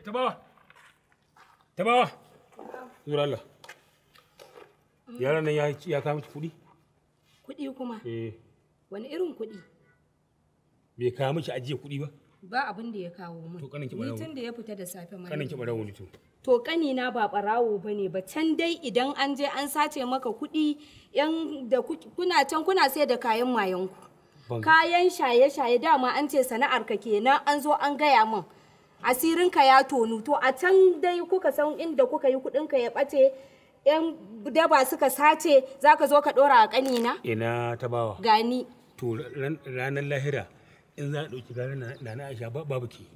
tabawa tabawa zura Allah yaran nan ya ya kawo miki kuɗi kuɗi kuma eh wani irin kuɗi bai kawo miki ajiye kuɗi ba ba abin da ya kawo mun to kanin ki barawo tun da ya fita da safe mana kanin ki barawo ne to to kanina ba barawo bane ba can dai idan an je an sace maka kuɗi yan da kuna can kuna sai da kayan mayanku kayan shaye-shaye dama an ce sana'ar ka kenan an zo an gaya min asirinka ya tonu to a can dai kuka san inda kuka yi ka ya bace yan daba suka sace zaka zo ka ɗora a kanina. ina ta bawa gani to ranar lahira in za a ɗauki gari na na aisha babu ki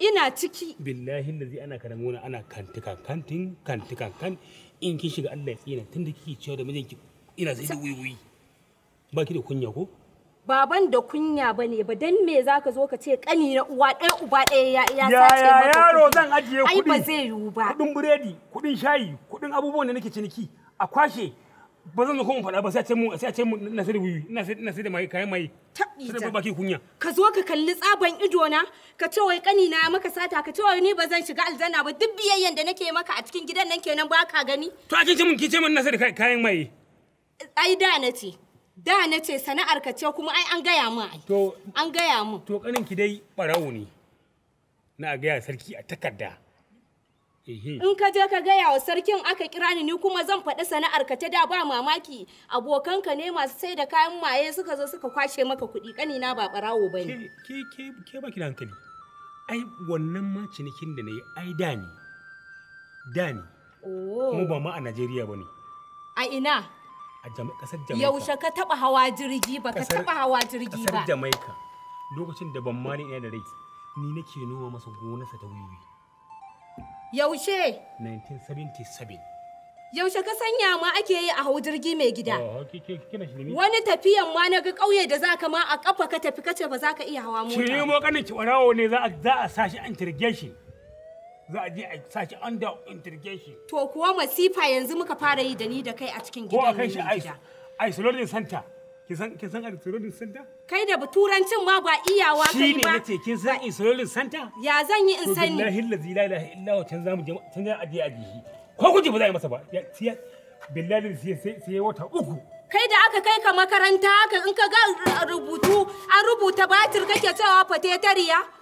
ina ciki billahi da zai ana karamuna ana kantika kantin kantika kan in kin shiga allah ya tsina tunda kike cewa da mijinki ina sai da wuyi ba ki da kunya ko baban da kunya ba ne ba dan me zaka zo ka ce kani na uwa ɗaya uba ɗaya ya ya sace maka yaro zan ajiye kuɗi ai ba zai yiwu ba kuɗin buredi kuɗin shayi kuɗin abubuwan da nake ciniki a kwashe ba zan zo kuma faɗa ba sai a ce mu sai a ce mu na sai wuyi na sai na sai da mai kayan mai sai da baki kunya ka zo ka kalli tsaban ido na ka ce wai kani na maka sata ka ce wai ni ba zan shiga aljanna ba duk biyayyen da nake maka a cikin gidan nan kenan ba ka gani to a kin ce mun k'i ce mun na sai da kayan mai ai da na ce da na ce sana'ar ka ce kuma ai an gaya mu ai an gaya mu to kanin ki dai barawo ne na gaya sarki a takarda in ka je ka gaya wa sarkin aka kira ni ni kuma zan faɗi sana'ar ka ta da ba mamaki abokanka ne masu sai da kayan maye suka zo suka kwashe maka kuɗi na ba barawo ba ne ke ke ke ba ki hankali ai wannan ma cinikin da na yi ai da ni da ni kuma oh. ba ma a Najeriya ba ne a ina a kasar Jamaica. Yaushe ka taba hawa jirgi ba ka taba hawa jirgi ba. Kasar Jamaica lokacin da ban mani ina da rai ni nake noma masa gonarsa ta wiwi. Yaushe? 1977. Yaushe ka sanya ma ake yi a hau jirgi mai gida. Oh, Wani tafiyan ma na ga ƙauye da za ma a ƙafa ka tafi kace ba zaka ka iya hawa mota. Shirye mo kanin ki ne za a sa shi an tirge shi. za a je a sashi under interrogation. To kuwa masifa yanzu muka fara yi da ni da kai a cikin gidan ne. Ko a kai shi isolation center. Ki san ki san isolation center? Kai da turancin ma ba iyawa kai ba. Shi ne nace kin san isolation center? Ya zan yi in sani. Billahi allazi la ilaha illa huwa can zamu je can za a je a jihi. Ko ku ji ba za a yi masa ba. Billahi sai sai sai wata uku. kai da aka kai ka makaranta haka in ka ga rubutu an rubuta batir kake cewa fatetariya